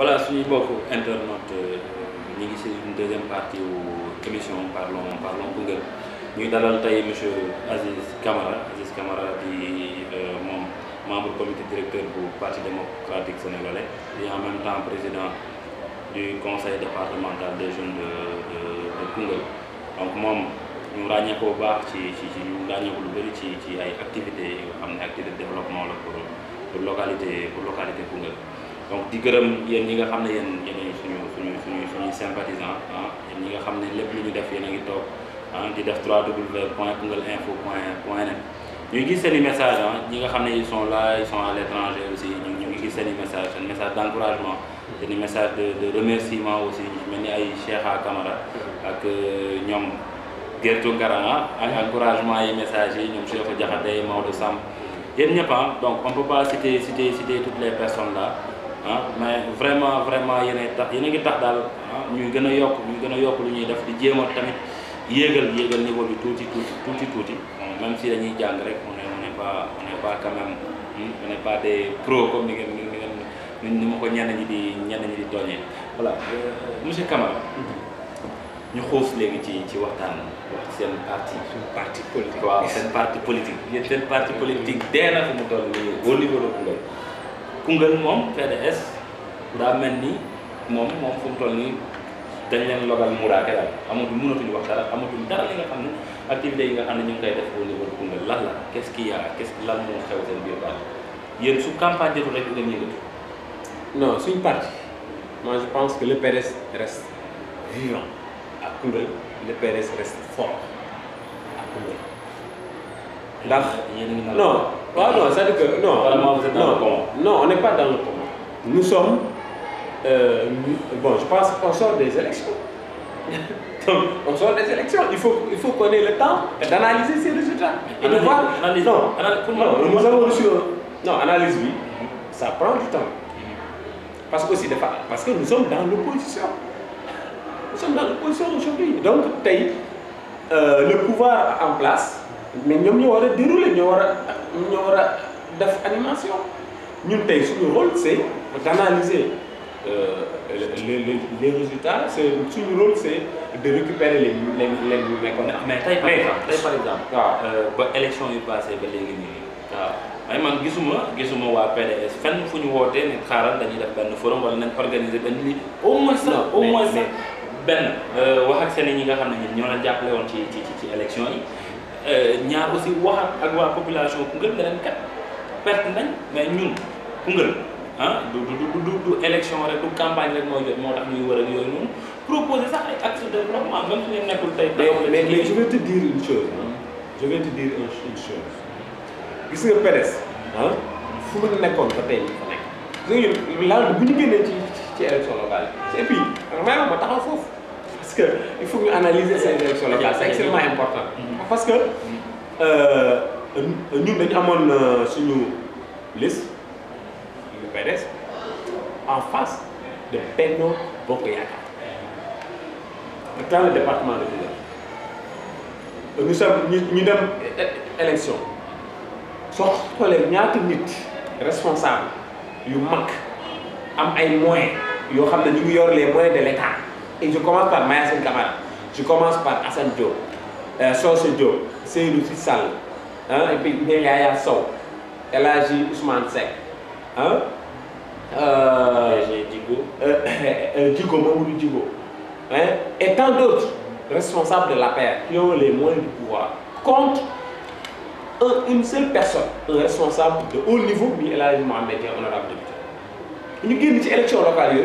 voilà c'est beaucoup internaute euh, ñu ngi une deuxième partie wu commission parlons parlons Kungel. Nous dalal tey monsieur Aziz Kamara, Aziz Camara di euh, membre comité directeur du parti démocratique sénégalais et en même temps président du conseil départemental des jeunes de de Koungheul donc nous ñu ràññee ko bu baax activités activité de développement pour la localité pour localité donc di gërëm yeen ñi nga xamné yeen yéen yéenay suñu suñu suñu sympathisant ah yeen ñi nga xamné lepp lu ñu def yeen a ngi tok ah di def 3w point info point point net ñu ngi gis seen message ah ñi nga xamné ils sont là ils sont à l'étranger aussi ñu ngi gis seen messages message seen message d'encouragement seen messages message de de remerciement aussi ñu melni ay ay Cheikha Camara ak euh, ñom gertu Ngara ah encouragement yi message yi ñoom Cheikh day Maodo sam yeen ñepp ah donc on peut pas citer citer citer toutes les personnes là ah mais vraiment vraiment yéen a tax yéen a ngi tax daal ah, ñuy gën a yokk ñuy gën a yokk lu ñuy def di jéem tamit yéegal yéegal niveau bi tuuti tuuti tuuti tuuti même si dañuy jàng rek on est on n'est pas on n'est pas quand même hmm, on n'est pas ni ngeen ni ngeen ni ma ko ñenn ñi di ñenn ñi di tooñee voilà euh, monsieur Camara ñu xuus léegi ci ci waxtaan wax seen parti parti politique waaw seen parti politique yéen seen parti politique dee na fi mu toll nii au niveau de Koungheul moom PDS daa mel ni moom moom fu ni toll nii dañ leen logal muuraake daal amatuñ mënatuñu wax dara amatuñ dara li nga xam ne activités yi nga xam ne ñu ngi def au niveau de Koungheul lan la qu'est-ce qu'il y a qu'est-ce xew seen biir daal yéen su campagne jotul rek ngeen yëngatu. non suñu parti moi je pense que le PDS reste vivant à Koungheul le PDS reste fort non ah, non dire que non on n'est pas dans le combat. nous sommes euh, bon je pense qu'on sort des élections donc on sort des élections il faut qu'on ait le temps d'analyser ces résultats et de voir non, analyse, nous avons reçu non analyse oui ça prend du temps mm-hmm. parce que nous sommes dans l'opposition nous sommes dans l'opposition aujourd'hui donc euh, le pouvoir en place mais ñom ñu wara a dérouler ñoo war a ñoo def animation ñun tey suñu rôle c'est est d'analyser euh, les les les résultats c'est est suñu rôle c'est de récupérer les les les méconnaissances. mais tay par exemple tey par exemple. waaw euh, ba élection yu passé ba légui nii waaw. ay man gisuma gisuma wa PDS fenn fuñu woté wootee xaaral dañuy def benn forum wala nañ organiser benn li au moins sax au moins sax benn euh, wax ak seen ñi nga xamné ñoo la jappalé won ci ci ci élection yi Euh, ñaar aussi waxaat ak waa population Koungheul ne leen kat perte nañ mais ñun Koungheul ah, du du du du élection rek du campagne rek mooy jot moo tax ñuy wër ak yooyu noonu proposer sax ay axes de développement même su ñu nekkul tey. mais mais je vais te dire une chose. je vais te dire une chose. Ah, bu ma foofu. parce que il faut analyser cette élection locale c'est extrêmement important mhm. parce que euh, nous sommes euh, sur suñu liste le PDS en face de Benno Bokk dans le département de l'État, euh, nous sommes ñu l'élection. élection soo xoolee nit responsable moyens Ils xam les moyens de l'État et je commence par Maya Kamal. je commence par Hassan Diop, euh, Sosse Diop, Seydou Sissal, hein, et puis Nelaya Sow, Elhaji Ousmane Seck, hein, euh, Digo, euh, euh Digo, Mamoudou Digo, hein, et tant d'autres responsables de la paix qui ont les moyens du pouvoir contre une seule personne, un responsable de haut niveau, mais elle a Elhaji Mohamed, honorable député. Nous avons une élection locale.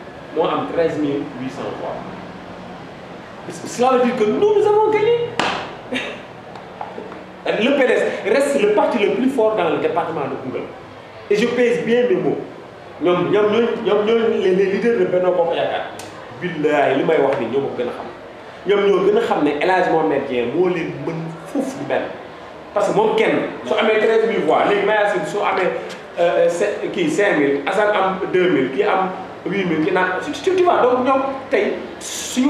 moi en 13 800 voix. Cela veut dire que nous, avons gagné. Le PDS reste le parti le plus fort dans le département de Kougal. Et je pèse bien mes mots. Les leaders de Benoît Kofayakar, ce que je veux dire, c'est qu'ils sont les plus forts. Ils sont les plus forts. Ils sont les plus forts. Parce que personne, si j'ai 13 000 voix, si j'ai 5 000, Hassan ont 2 000, oui, mais si tu tu donc parce que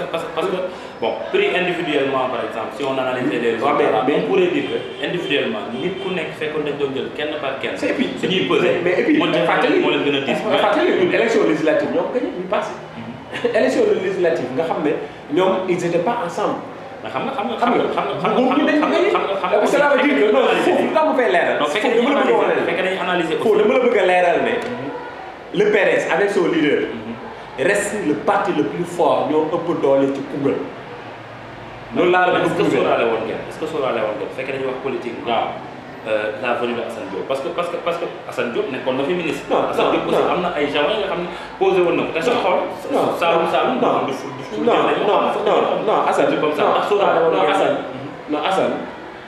parce que bon individuellement par exemple si on analyse les résultats on pourrait dire que individuellement nit ku nekk est kenn puis mais et puis élection législative mhm. élection législative ils étaient pas ensemble le Pérez avec son leader reste le parti le plus fort ñoo doole ci est-ce que est-ce que politique euh, la venue de Parce Diop parce que parce que parce que Diop ministre. non posé non non non non non non non mhm.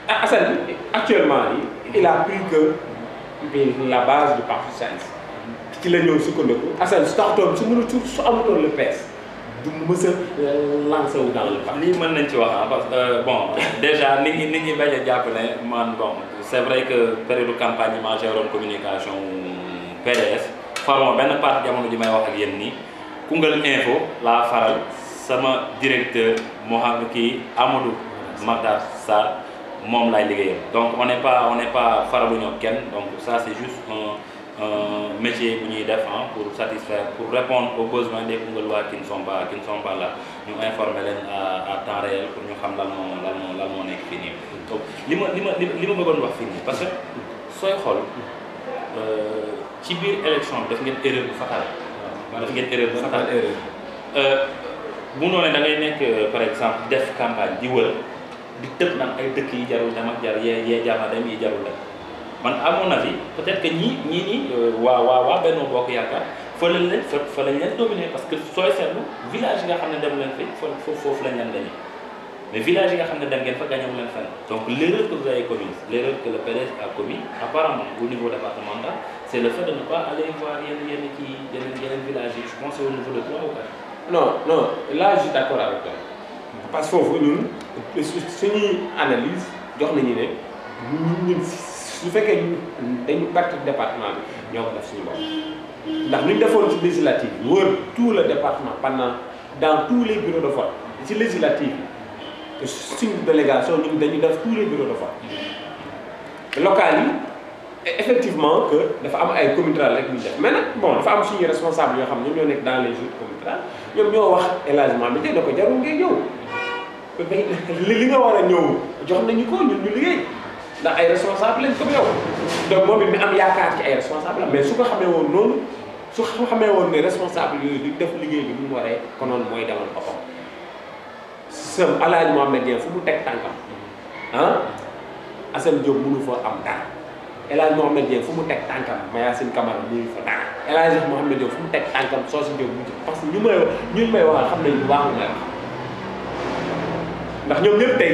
ah, actuellement il a pris que la base du le bon déjà c' vrai que période campagne bi maa géroon communication PDS faruma benn parti jamono ji may wax ak yéen nii Koungheul info laa faral sama directeur Mohamed kii Amadou Makhtar Sarr moom laay liggéeyal donc on n'est pas on n'est pas faraluñoo kenn donc ça c' juste un. un euh, métier bu ñuy def pour satisfaire pour répondre aux besoins des Koungheulois qui ne sont pas qui ne sont pas ñu informer leen à à temps réel pour ñu xam lan moo lan moo lan moo nekk fii nii donc li ma li ma li ma bëggoon wax fii nii parce que sooy xool euh, ci biir élection bi daf ngeen erreur bu fatale daf ngeen erreur bu fatale erreur euh, bu noonee da ngay nekk par exemple def campagne di wër di tëb nag ay dëkk yi jarul dem ak jar yee yee jaama dem yi jarul dem à mon avis peut-être que ni ni ni wa wa dominer parce que c'est village nga dem mais village donc l'erreur que vous avez commise l'erreur que le PDS a commis apparemment au niveau départemental c'est le fait de ne pas aller voir les villages. Je pense que village je au niveau de toi ou pas? non non là je suis d'accord avec toi parce que nous, analyse fait vous ñu dañu département suñu législative tout le département pendant dans tous les bureaux de vote c'est législative Nous avons délégation tous les bureaux de vote local effectivement que femmes sont ay communautés mais bon responsable dans les jours communautés ñoo wax bi qui des ndax ay responsable lañ comme yow donc moom it mi am yaakaar ci ay responsable la mais su ko xamee woon noonu su ko xamee woon ne responsable yooyu du def liggéey bi mu waree konoon mooy demal boppam sëm alaaj Mohamed Dieng fu mu teg tànkam ah Assane Diop mënu fa am dara El Hadj Mohamed Dieng fu mu teg tànkam Mayacine Camara mënu fa dara El Hadj Mohamed Dieng fu mu teg tànkam soo si Diop mu ci parce que ñu may ñun may waxal xam nañ bu baax may wax ndax ñoom ñëpp tey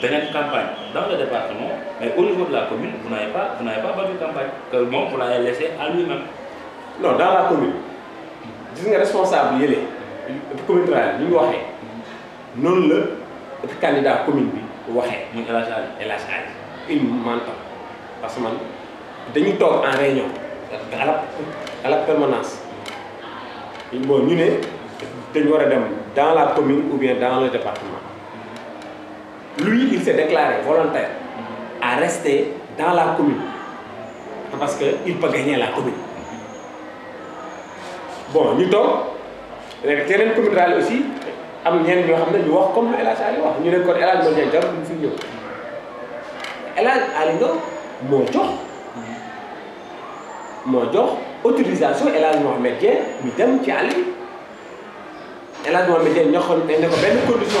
beneen campagne dans le département mais au niveau de la commune vous n'avez pas vous n'avez pas battu campagne que moom vous l'avez laissé à lui-même. non dans la commune gis nga responsable est commune rurale ni ñu waxee non la candidat commune bi waxee. muy El Hadj Ali El il m'entend parce que man dañu toog en réunion à la à la permanence bon ñu ne dañu war dem dans la commune ou bien dans le département. Lui, il s'est déclaré volontaire à rester dans la commune parce qu'il peut gagner la commune. Bon, nous sommes, les terrains aussi, am avons comme El Ali wax ñu kon autorisation Mohamed Mohamed condition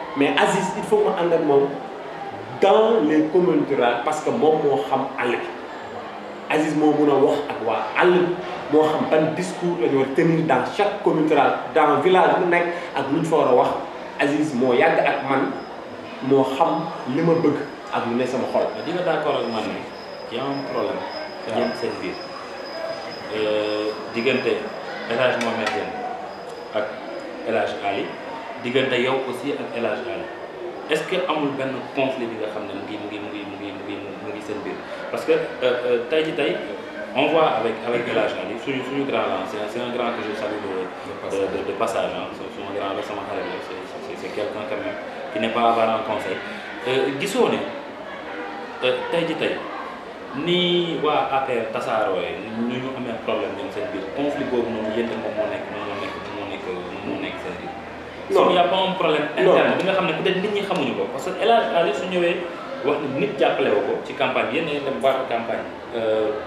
mais Aziz il faut ma ànd ak moom dans les communes rurales parce que moom moo xam àll Aziz moo mun a wax ak waa àll bi moo xam ban discours la tenir dans chaque commune rurale dans village bu nekk ak lu ñu fa war a wax Aziz moo yàgg ak man moo xam li ma bëgg ak lu ne sama xol. di d'accord ak man ni y a un problème. waaw ñoom seen biir diggante El Hadj Mohamed ak El Ali diggante yow aussi ak El Hadj est-ce que amul ben conflit bi nga xamné ngi ngi ngi ngi ngi mu ngi seen bir parce que euh, euh, tey ji tay on voit avec avec El Hadj suñu suñu grand lan c'est c'est un grand que je salue de de de passage hein. c'est un grand la sama xarit c'est c'est c'est quelqu'un quand même qui n'est pas avare en conseil euh gissone euh, tey ji tey nii waa APR tasaaroo ñu ñu amee problème ñoom seen bir conflit boobu ñu yéen moom non il y a pas un problème interne bi nga xam peut être nit ñi xamuñu ko parce que El Hadj su ñëwee wax ni nit jàppale ko ci campagne yéen dem baax campagne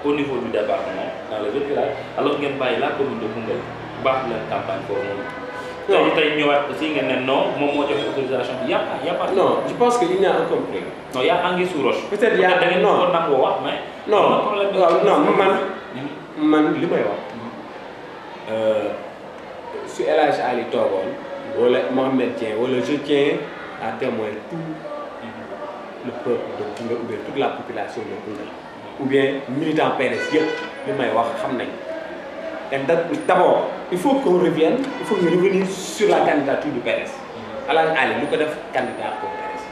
au niveau du département dans les autres alors ngeen bàyyi la commune de Koungheul baax leen campagne foofu noonu non tay ñëwaat aussi ngeen ne non moom moo joxe autorisation bi y a pas y a pas non je pense que il a non y a sous roche peut être y a da ngeen ko wax mais non problème non man man su voilà, Mohamed Dieng voilà, je tiens à témoin tout le peuple de Koungheul ou bien toute la population de Koungheul ou bien militant PDS yëpp li may wax xam nañ te d'abord il faut qu'on revienne il faut ñu revenir sur la candidature du PDS Alaaji Ali lu ko def candidat pour PDS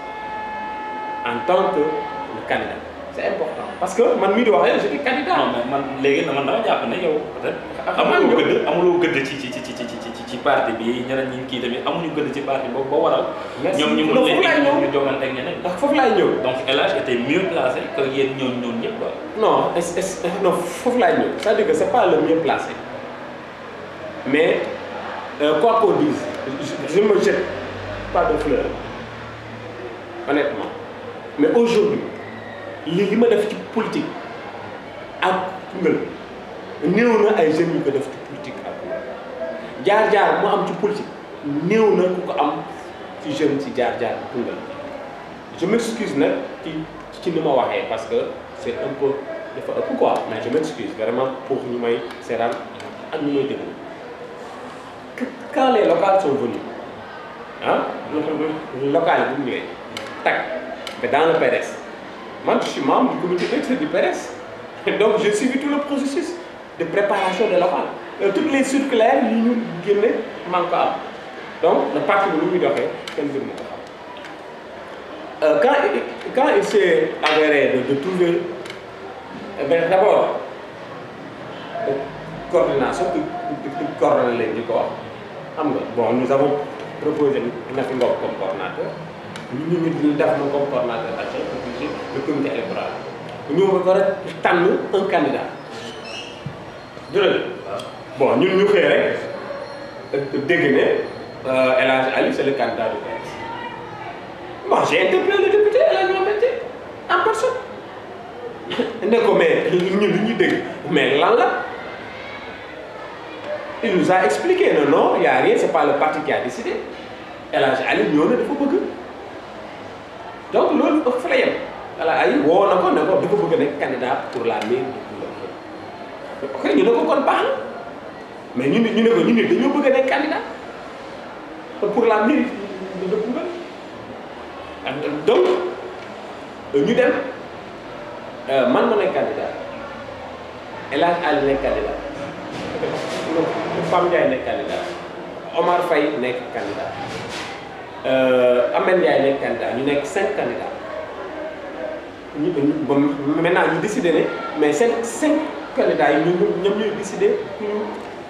en tant que le candidat c'est important parce que man mii di wax j'étais candidat man léegi man dama jàpp ne yow peut-être amuloo gëdd amuloo ci ci ci ci ci parti bi ñeneen ñi kii tamit amuñu gën ci parti boobu ba waral. ñoom ñu mën leen ñu jogante ak ñeneen. ndax foofu laay ñëw. donc El était mieux placé que yéen ñoon ñoon ñëpp quoi. non est est non foofu laay ñëw c'est-à-dire que c'est pas le mieux placé mais euh, quoi qu'on dise je me jette pas de fleur honnêtement mais aujourd'hui li li ma def ci politique ak ngël néew na ay jeunes yu ko def jaar-jaar mu am ci politique néew na ku ko am ci jeune ci jaar-jaar je m'excuse nag ci ci ni ma waxee parce que c'est un peu dafa ëpp quoi mais je m'excuse vraiment pour ñu may seetaan ak ñu may déglu quand les locales sont venues ah locales yi bu ñu ñëwee tag mais dans le PRS. man je suis membre du comité d'experts du PRS. donc j'ai suivi tout le processus de préparation des locales euh, toutes les circulaires yi ñu génne man donc le parti bi lu muy doxee kenn gën ma xam euh, quand quand il s'est avéré de, de trouver eh ben d'abord euh, coordination di di coordonner leen di ko xam nga bon nous avons proposé na fi ngoog comme coordonnateur ñu ñu ñu def na comme coordonnateur d'action obligé le comité électoral ñu ko war a un candidat jërëjëf bon nous nous faisons le candidat de PS. j'ai interpellé le député en personne mais mais il nous a expliqué non non y a rien c'est pas le parti qui a décidé elle Ali, nous, donc nous nous la candidat pour la mairie de nous, ne mais ñu ne ñu ne ko ñu ne dañoo bëgg a nekk candidat pour la mairie de Koungheul ak donc ñu dem euh, man ma nekk candidat El Hadj Ali nekk candidat Pam Ndiaye nekk candidat Omar Faye nekk candidat euh, Amel Ndiaye nekk candidat ñu nekk cinq candidats ñu ba maintenant ñu décidé ne mais cinq cinq candidats yi ñu ñoom ñooy décidé pour ñu.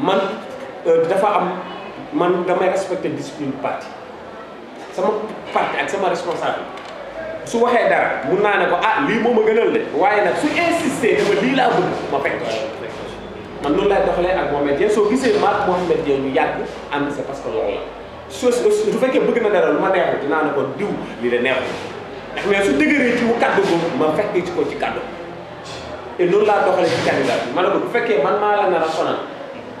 man euh, dafa am man damay respecté discipline parti sama parti ak sama responsable su waxee dara mun naa ne ko ah lii moom a gënal de waaye nag su insister dama lii laa bëgg ma fekk man loolu laay doxalee ak Mohamed Dieng soo gisee maak Mohamed Dieng ñu yàgg ànd c'est parce que loolu la chose su fekkee bëgg na dara lu ma neexul dinaa ne ko diw li la neexul ndax mais su dëgëree ci mu kàddu boobu ma fekk ci ko ci kàddu et loolu laa doxalee ci candidat bi bu fekkee man maa a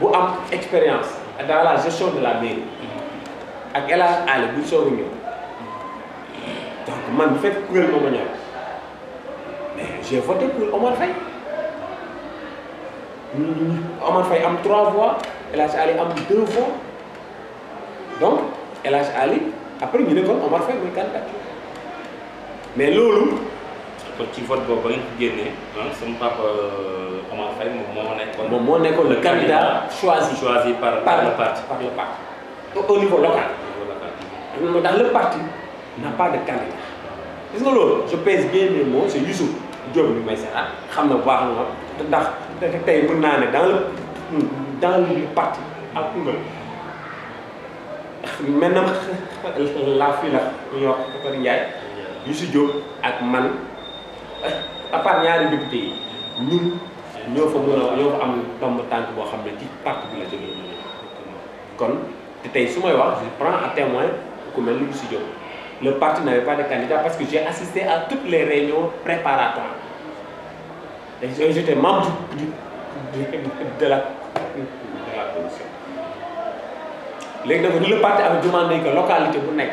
bu am expérience dans la gestion de la mairie ak El Hadj bu soog donc man fait kuréel moo ma mais j'ai voté pour Omar Faye Omar Faye am trois voix El Hadj Aliou am deux voix donc El Ali après ñu ne kon Omar Faye muy candidat mais lolu qui vote ah, pour euh, le candidat choisi. par le parti le au niveau local. Dans le le parti n'a pas de candidat. je pèse bien mes mots c'est Yusuf. Diop dans le dans le parti à part les députés, nous, nous ñoo fa mën de ñoo pour am tomb tànk parti de la jógee kon je prends à témoin ku le parti n'avait pas de candidat parce que j'ai assisté à toutes les réunions préparatoires et j'étais membre de, la, de la commission le parti avait demandé que localité bu nekk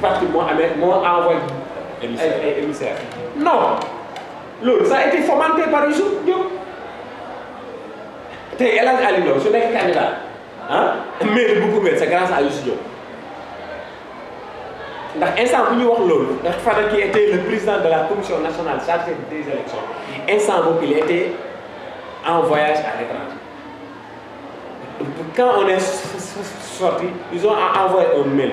parti que moi, à envoyé. émissaire eh, eh, non L'autre, ça a été fomenté par Youssou C'est tey El Hadj je suis su candidat ah Mais c'est grâce à Yusio. Diop ndax instant nous wax qui était le président de la commission nationale chargée des élections instant il était en voyage à l'étranger quand on est sorti ils ont envoyé un mail.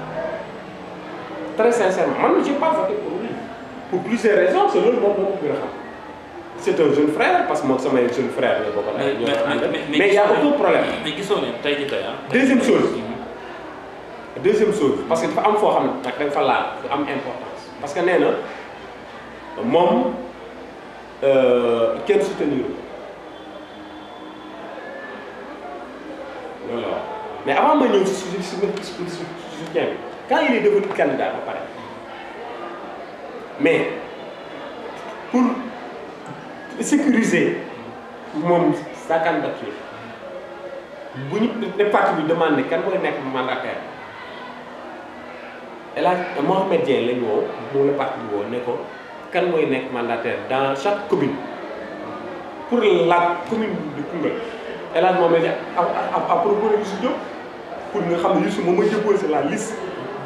très sincèrement ne j'ai pas voté pour lui pour plusieurs raisons c'est le monde moo ko c'est un jeune frère parce que c'est un jeune frère mais il y a autre problème. mais deuxième chose deuxième chose parce qu'il faut am forum. xam importance parce que nee na euh, kenn soutenir mais avant ma ñëw si si si soutien quand il est devenu candidat ba pare mais pour sécuriser mon sa candidature bu ñu ne parti bi demandé kan mooy nekk mandataire El Hadj Mohamed Dieng lañ woo moom la parti bi woo ne ko kan mandataire dans chaque commune pour la commune de Koungheul El Hadj Mohamed Dieng a proposé Youssou Diop pour nga xam ne Youssou moom ma la liste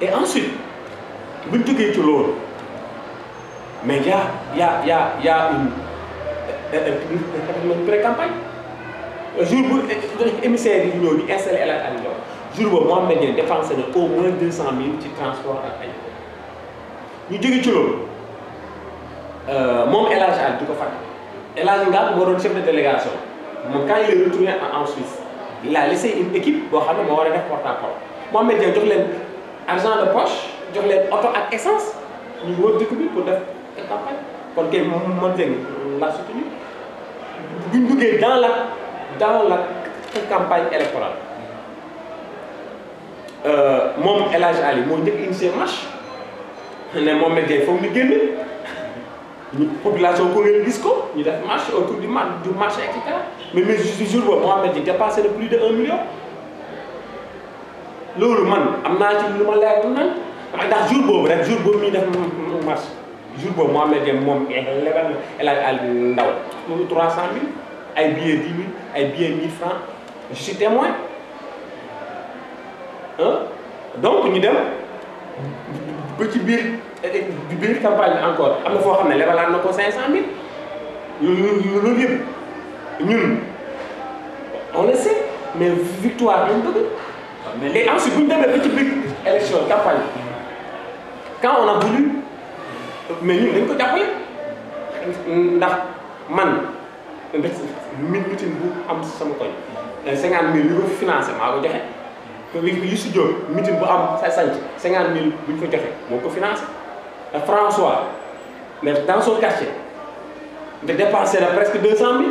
et ensuite bu y' a une euh, euh, pré-campagne jour où au moins 200 ci transport ñu ci euh, chef de délégation quand il est retourné en Suisse il a laissé une équipe pour faire un à porte argent de poche jox leen auto ak essence ñu wër dëkk bi pour def campagne kon kay man jëng la soutenir buñ duggee dans la dans la campagne électorale euh, moom El Hadj Ali moo njëkk initié marche ne moom la Gueye foog ñu génn ñu population ko ngeen gis ko ñu def marche autour du marché du marché et cetera mais mais jour boobu Mohamed Dieng dépassé na plus de 1 million. C'est man il je ci lu ma leer jour rek jour def marche jour eh, ay 10 000 ay 1000 francs je suis témoin hein? donc nous, dem ba ci biir campagne encore am na foo xam ko 500000 on le sait mais victoire mais ensuite se a des petits élection campagne quand on a voulu mais ñun dañ ko jàppale ndax man bu am sama financer François mais dans son quartier de dépensé presque 200 000.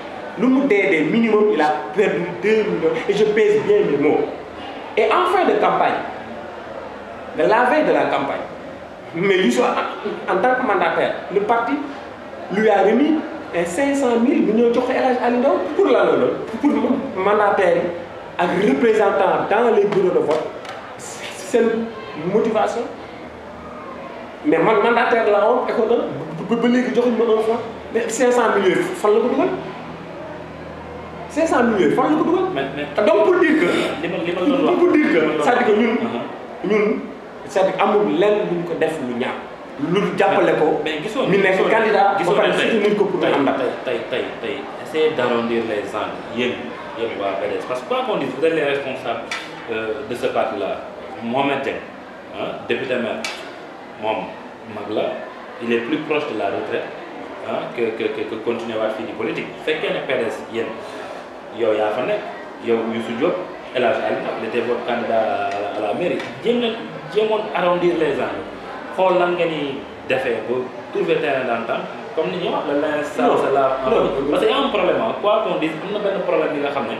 le des minimum, il a perdu 2 millions. Et je pèse bien mes mots. Et en fin de campagne, de la veille de la campagne, mais lui, en, tant que mandataire, le parti lui a remis 500 000 millions de pour la pour le mandataire et représentant dans les bureaux de vote. C'est une motivation. Mais le mandataire là-haut, pas je mais 500 millions, il faut le 500 millions fan donc pour dire que. dire que cest à que nous nous cest à candidat. essayez les parce vous êtes les euh, de ce parti là Mohamed Dieng hein, député maire moom mag il est plus proche de la retraite hein, que que que continuer à faire politique Nous. fekkee PDS yow yaa fa nekk yow Youssou Diop El Hadj Alioune il était votre candidat à la mairie jéem na arrondir les angles xool lan nga ni defee ba trouver terrain d'entente comme ni ñuy wax le linge sale se lave en parce que y a un problème am na benn problème bi nga xam ne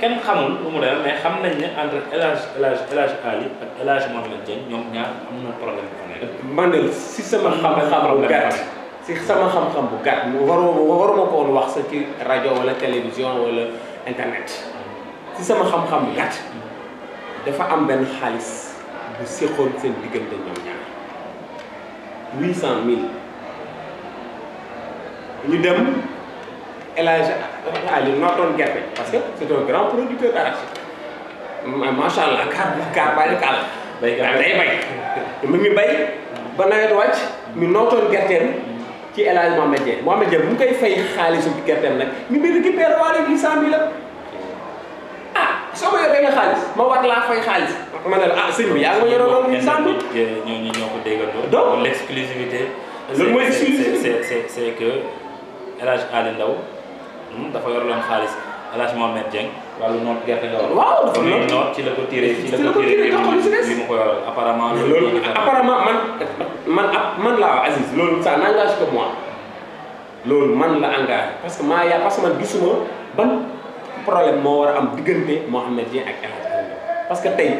kenn xamul lu mu demee mais xam nañ ne entre El Hadj El Hadj El Hadj Ali ak El Hadj Mohamed Dieng ñoom ñaar am na problème fa nekk. man de si sama xam-xam bu gàtt si sama xam-xam bu gàtt waruma waruma ko woon wax sa ci rajo wala télévision wala internet si sama xam-xam bu gàtt dafa am benn xaalis bu séqoon seen diggante ñoom ñaar huit cent mille ñu dem élage ali nootoon gerte parce que c'est un grand producteur d'arachide macha allah kaar kaar bàyyi kaar la bay day bay mu ngi bay ba nawet wàcc mi nootoon gerteem ci El Hadj Mohamed Dieng Mohamed Dieng bu mu koy fay xaalisu gerteem nag ñu ngi récupéré waale huit cent mille ah soo ma yoree xaalis ma war laa fay xaalis ma ne la ah sëñ bi yaa ngi ma yoroon ñoo ko déggandoo. donc l' exclusivité. loolu exclusivité c' est c' est que El Hadj Aliou Ndao hmm, dafa yorloon xaalis El Hadj wàllu noot gerte nga waaw ci la ko tiré ci la ko tiré li loolu apparemment man man man laa Aziz loolu ça n'engage que moi loolu man la engagé parce que maa yaa parce que man gisuma ban problème moo war a am diggante Mouhamed Dieng ak El Hadj Aliou parce que tey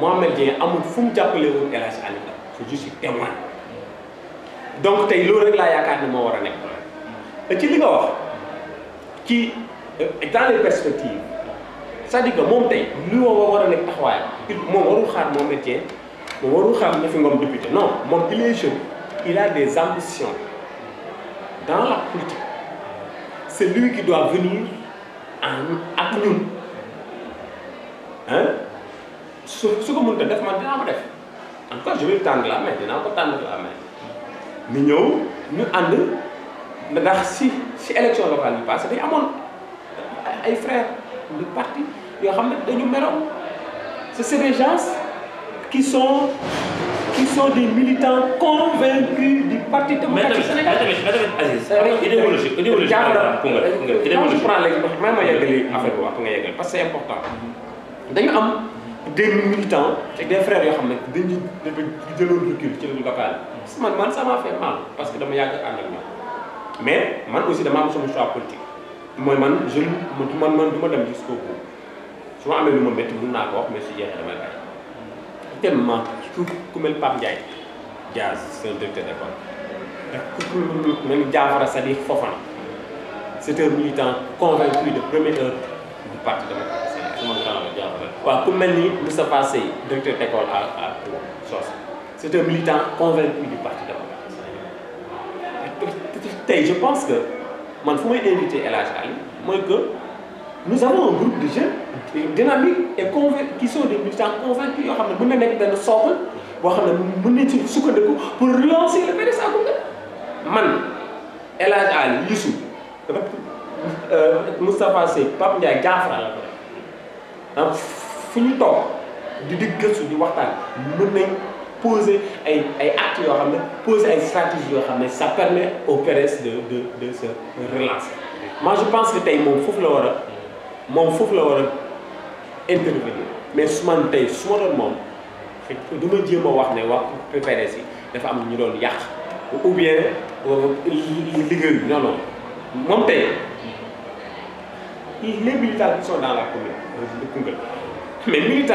Mouhamed Dieng amul fu mu jàppale woon El Hadj Aliou la je témoin donc tey loolu rek laa yaakaar ne moo war a nekk problème ci li nga wax ci euh, dans les c'est-à-dire que moom tey lu woo war a nekk taxawaayam il moom warul xaar moom métier moom warul xaar na fi ngoom député non moom il est jeune il a des ambitions dans la politique c'est lui qui doit venir en ak hein su su ko mënta def man dinaa ko def en tout cas je vais tendre la main dinaa ko tendre la main ni ñëw ñu ànd ndax si si élection locale yi passé dañ amoon ay frères de parti, ce sont des gens qui sont qui sont des militants convaincus du parti démocratique mais je prends parce que c'est important des militants des frères qui ont recul ça m'a fait mal parce que dama mais moi aussi dama choix politique moi man je man man du ma dem jusqu'au bout su ma amee lu ma métti mun naa ko wax mais su jeexee damay bàyyi tellement comme ku mel Pape Ndiaye Diaz c'est un directeur d'école ak ku mel Diafara Sadiq Fofana c'est un militant convaincu de première heure du parti démocratique sénégalais suma grand la Diafara waaw ku mel ni Moustapha Sey directeur d'école à à Sos c'est un militant convaincu du parti démocratique sénégalais je pense que man fu may invité El Ali moi que nous avons un groupe de jeunes dynamiques et conv qui sont des militants convaincus yoo xam ne mën na nekk benn socle boo xam ne mën nañ pour relancer le PDS à Koungheul man El Hadj Ali Youssou euh, Moustapha Seck Pape Ndiaye Diafra Hein? Fini top. fu ñu toog di di gëstu di waxtaan poser et actes poser des stratégies ça permet au pères de de de se relancer. moi je pense que tay mom mon la wara la mais souvent tay wax ne wax ou bien non non les militants sont dans la commune mais militants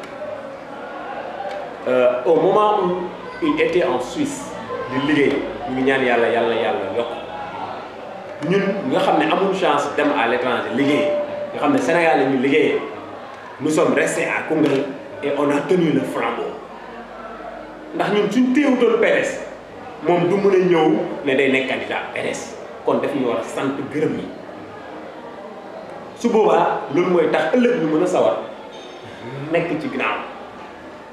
Euh, au moment où il était en Suisse chance à l'étranger nous sommes restés à Koungheul et on a tenu le flambeau Nous sommes suñ téewutoon ps Nous du mën candidats. ñëw ne day candidat ps kon daf ñu war gërëm su nous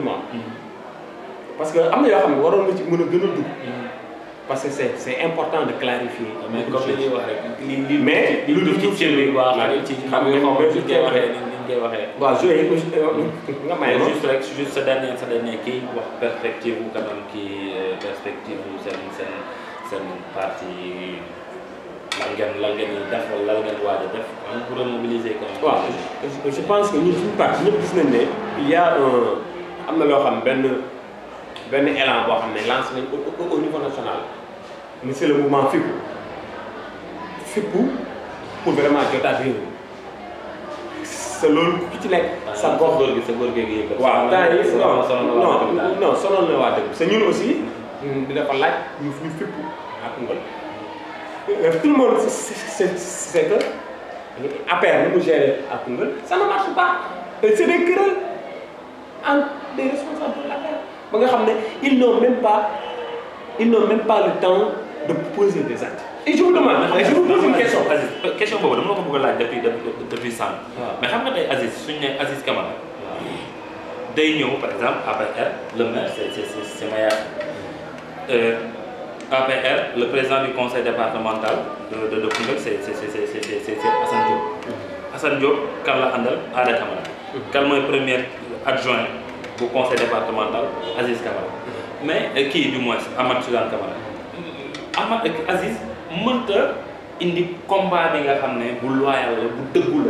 Mm. parce que mm. c'est important de clarifier. Ah, mais comme wax rek li mais juste perspective euh, perspective je pense que il y a un amna lo xam ben ben élan bo xamné lance lancé nañ au niveau national ni c'est le mouvement fippu fippu pour vraiment jotaat réew mi sa loolu ci nekk. Ah, sa gox góor gi sa góor gi yëpp. waaw temps yi non non non sonal na waa dëkk. sa ñun aussi dafa laaj ñu ñu fippu ak ah, ngol euh, tout le monde c'est c'est que APR ni mu géré ak ngol ça ne marche pas c'est des querelles des responsables de l'affaire ils n'ont même pas ils n'ont même pas le temps de poser des actes. et je vous demande je vous pose une question. question pour vous. Je bëgg a depuis depuis mais xam nga Aziz Aziz Kamala. day par exemple APR le maire c'est c'est c'est euh, le président du conseil départemental de de c'est c'est c'est c'est c'est Assane Diop. Mm-hmm. Assane Diop mm-hmm. premier adjoint. bu conseil départemental Aziz Camara mais kii euh, du moins Amath Suzanne Camara euh, Amath ak Aziz mënta indi combat bi nga xam ne bu loyal la bu dëggu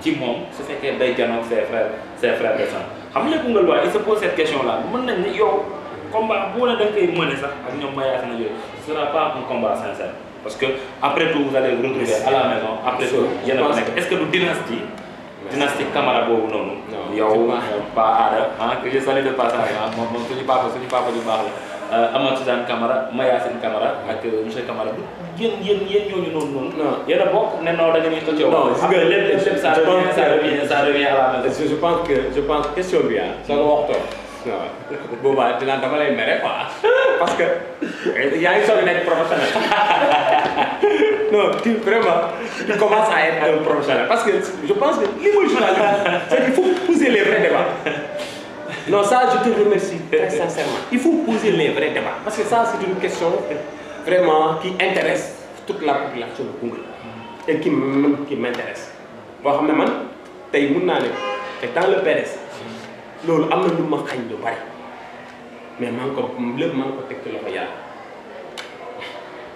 ci moom su fekkee day janoog ses frères ses frères de sang xam nga ku nga loyal il se pose cette question là mën nañ ne yow combat boo la da nga koy mëne sax ak ñoom Mbaye na yooyu sera pas un combat sincère parce que après tout vous allez vous retrouver après tout yéen a nekk est-ce dynastie dynastique Camara boobu noonu. yow Pa euh, Aada ah que je salue de passage ah moom moom suñu papa suñu papa ju baax la euh, Amathou Sane Camara Mayacine Camara ak euh, monsieur Camara bu yéen yéen yéen ñooñu noonu noonu. yéen a bokk ne da ngeen ñu tëjoo. non je pense que bi ah. soo ko waxtoo. waaw boobaa dama lay mere quoi parce que eh, yaa ngi soog a non, tu, vraiment, il commence à être un professionnel. Parce que je pense que l'image journaliste, c'est qu'il faut poser les vrais débats. Non, ça, je te remercie très sincèrement. Il faut poser les vrais débats. Parce que ça, c'est une question vraiment qui intéresse toute la population du Congo. Et qui, qui m'intéresse. boo même, ne man tey mun dans le PDS loolu am des lu ma bari mais maa ngi ko lépp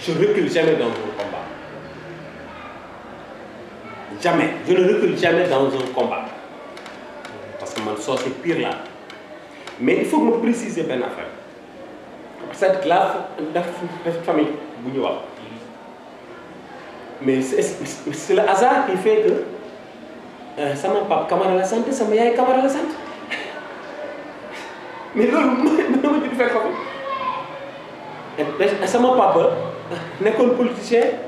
je ne recule jamais dans un combat. Jamais. Je ne recule jamais dans un combat. Parce que mon sort, c'est pire là. Mais il faut me préciser bien affaire. Cette classe, cette famille, mais c'est le hasard qui fait que euh, m'a pas camarade la ça sama camarade. camarade la santé. mais pas je ne ma pas sama papa nekkoon politicien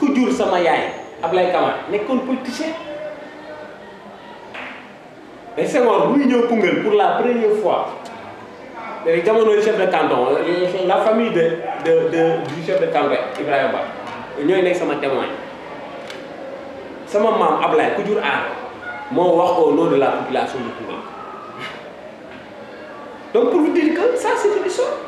ku jur sama yaay Ablaye Camara nekkoon politicien mais Senghor buy ñëw Koungheul pour la première fois léegi jamono chef de canton la famille de de de du chef de canton Ibrahima Ba ñooy nekk sama témoin sama maam Ablaye ku jur aar moo wax au nom de la population de Koungheul donc pour vous dire que ça c'est une histoire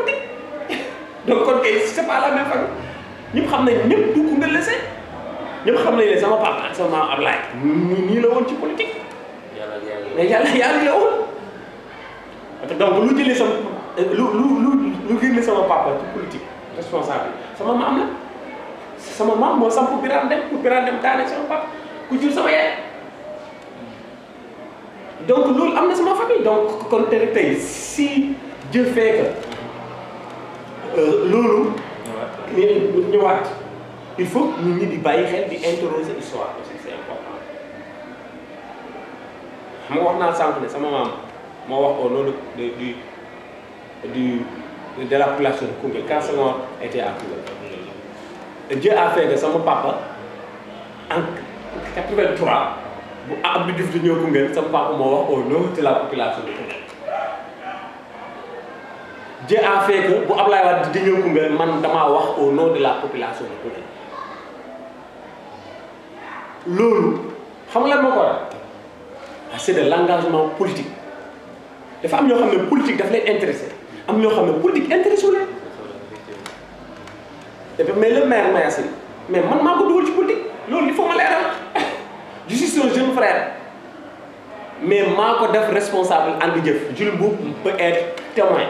donc kon kay c'est pas la même famille ñëpp xam nañ ñëpp du Koungheul la see ñëpp xam nañ ne sama papa ak sama maam Ablaye nii nii la woon ci politique. mais yàlla yàlla yow donc lu jëlee sama lu lu lu génne sama papa ci politique responsable sama maam la sama maam moo samp Birane Dem ku Birane Dem daane sama papa ku jur sama yaay donc loolu am na sama famille donc kon tey si Dieu fait que. Lulu, ñu ñëwaat il faut que nit ñi di bàyyi xel di interroger histoire aussi c'est important xam wax un sànq ne sama mam. moo wax au nom de du du de la population de Koungheul quand Senghor été à Koungheul Dieu a fait que sama papa en 83 bu Abdou Diouf di ñëw a sama papa moo wax au nom de la population de Koungheul Dieu a fait que am Ablaye Wade di ñëw Koungheul man damaa wax au nom de la population de Koungheul loolu xam nga lan moo ko waral ah, c'est de l'engagement politique dafa am ñoo xam ne politique daf leen intéressé am ñoo xam ne politique intéressé wu leen mais le maire Mayacine mais man maa ko dugal ci politique loolu il faut ma leeral je suis son frère mais maa ko def responsable ànd jëf Jules Mbour peut être témoin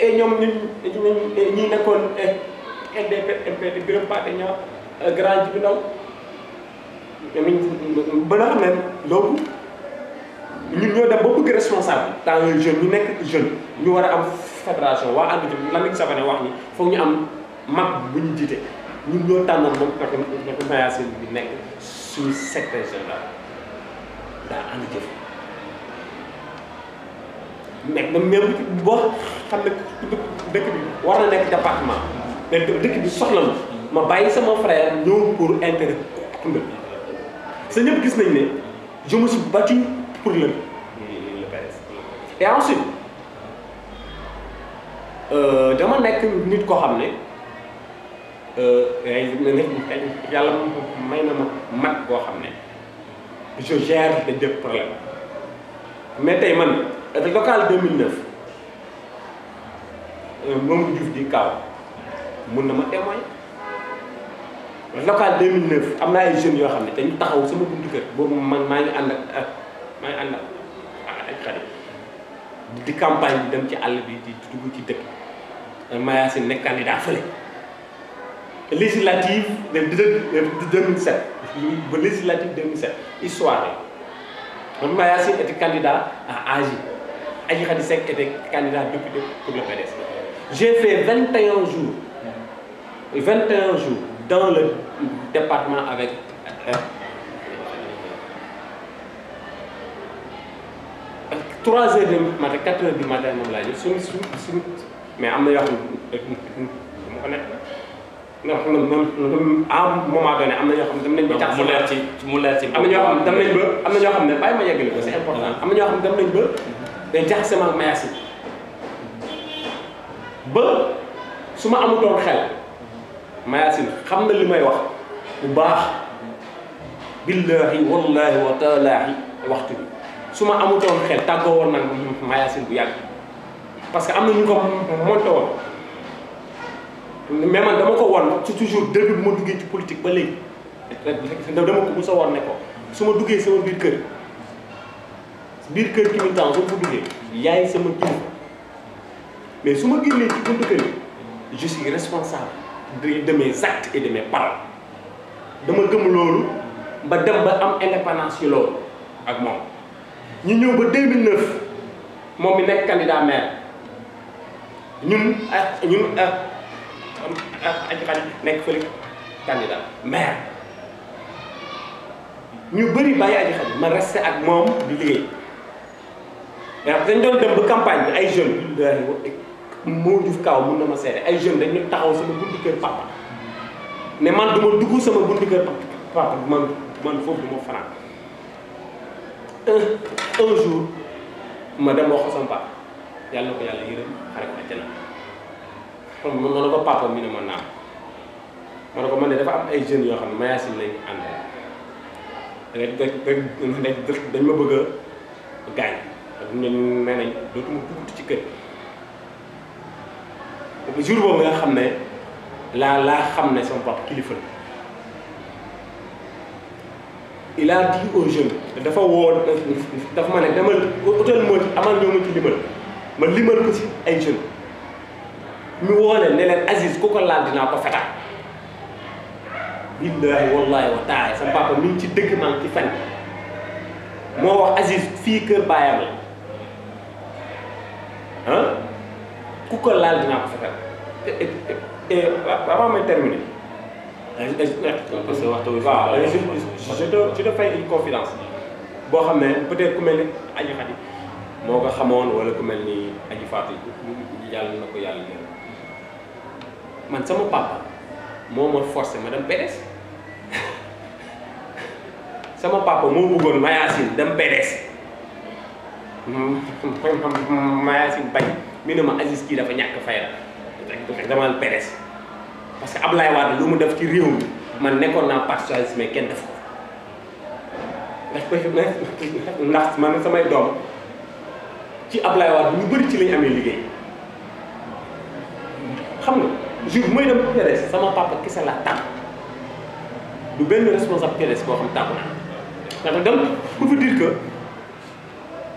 et ñoom ñu ñi nekkoon NDP e, MPD Birame Pathé Niang grand ji bi ndaw ñoom ba nga xam ne loolu ba bëgg responsable dans les jeunes ñu nekk jeune ñu war a am fédération waa ànd jëm Lamine Savané wax ni foog ñu am mag bu ñu jiite ñun ñoo tànnoon moom naka naka Mayacine bi nekk suñu secrétaire général daa ànd jëf mais ba même boo xam ne dëkk bi war na nekk departement mais dëkk bi soxla na ma bàyyi sama frère ñëw pour intérêt Koungheul sa ñëpp gis nañ ni je me bati battu pour le et ensuite euh, dama nekk nit koo xam ne euh, yàlla may na ma mat koo xam ne je gère les deux problèmes mais tey man local 2009 Mamadou Diouf di Kaaw mun na ma témoin local 2009 am na ay jeunes yoo xam ne dañu taxaw suma buntu kër boobu man maa ngi ànd ak ah, maa ngi ànd ak ak ah, di campagne bi dem ci àll bi di dugg ci dëkk Maya Sène nekk fële législative de de 2007 ba législative 2007 histoire man Maya Sène était candidat Ali Seck était candidat député pour le PDS. J'ai fait 21 jours, 21 jours dans le département avec euh, heures du matin 4 heures du matin je suis mais meilleur moment donné c'est important ah. day jaxase ma ak mayaas su ma amutoon xel mayaas yi xam na li may wax bu baax billaahi wallaahi wa taalaahi waxtu bi su ma amutoon xel tàggoo woon nag mayaas yi bu yàgg parce que am na ñu ko monté woon mais man dama ko won ci toujours début bi ma duggee ci politique ba léegi dama ko mu sa won ne ko su ma duggee sama biir kër bir kër gi temps boo ko duggee yaay sama kilifa mais su ma génnee ci buntu kër yi je suis responsable de mes actes et de mes paroles dama gëm lolu ba dem ba am indépendance ci loolu ak mom ñu ñëw ba 2009 mom mi nek candidat maire ñun ah, ñun ak ak ak nekk candidat maire ñu bari baye aji xaj ma resté ak mom di liggéey. nga xam dañ doon dem ba campagne bi ay jeunes billahi wa moo Diouf Kaaw mun na ma seede ay jeunes dañu taxaw sama buntu kër papa ne man du ma sama buntu kër papa man man foofu du ma fanaan un un jour ma dem wax ko sama papa yàlla ko yàlla yërëm xare ko àjjana xam nga ma ko papa mi ne ma naam ma ne ko man de dafa am ay jeunes yoo xam ne mayasin lañ àndal da nga dañ ma bëgg a ne nee nañ dootuma dugg ci kër jour boobu nga xam ne laa laa xam ne sama papa kilifa la il dafa woo dafa ma ne demal utal moo ci amal ñoo ma ci limal ma limal ko ci ay jeunes ñu woole ne leen Aziz ku laal dinaa ko feta billaahi wallaahi wa taala sama papa mi ci dëgg maa ngi ci fen moo wax Aziz fii kër baayam la ah ku ko laal dinaa ko fetal eh, eh, eh, avant may terminer parce que waxtu bi waaw je te je te fay confidence boo xam ne peut-être ku mel ni aji xadi moo ko xamoon wala ku mel ni aji faatu yàlla na ko yàlla ñëw man sama papa moo ma forcé ma dem PDS sama papa moo bëggoon ma Yacine dem xam-xam maa si bañ mi ne ma Aziz kii dafa ñàkk fayal rek dama peres parce que Ablaye mu def ci réew mi man nekkoon naa parti socialiste mais kenn def ko ndax man samay doom ci Ablaye ñu bëri ci lañ amee liggéey xam nga jour bi may dem PDS sama papa kese la tànn du benn responsable PDS boo xam tànn naa ndax dem pour vous dire que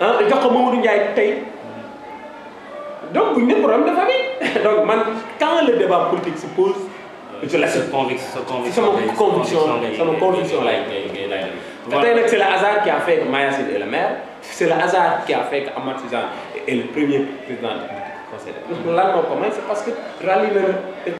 ah jox ko Mamadou Ndiaye tey problème de famille donc man quand le débat politique se pose. je la cette conviction C'est conviction conviction lay tey nag c' c'est le hasard qui a fait que Maya est le maire C'est le hasard qui a fait que Amath est le premier président du conseil Donc moo ko parce que Rally na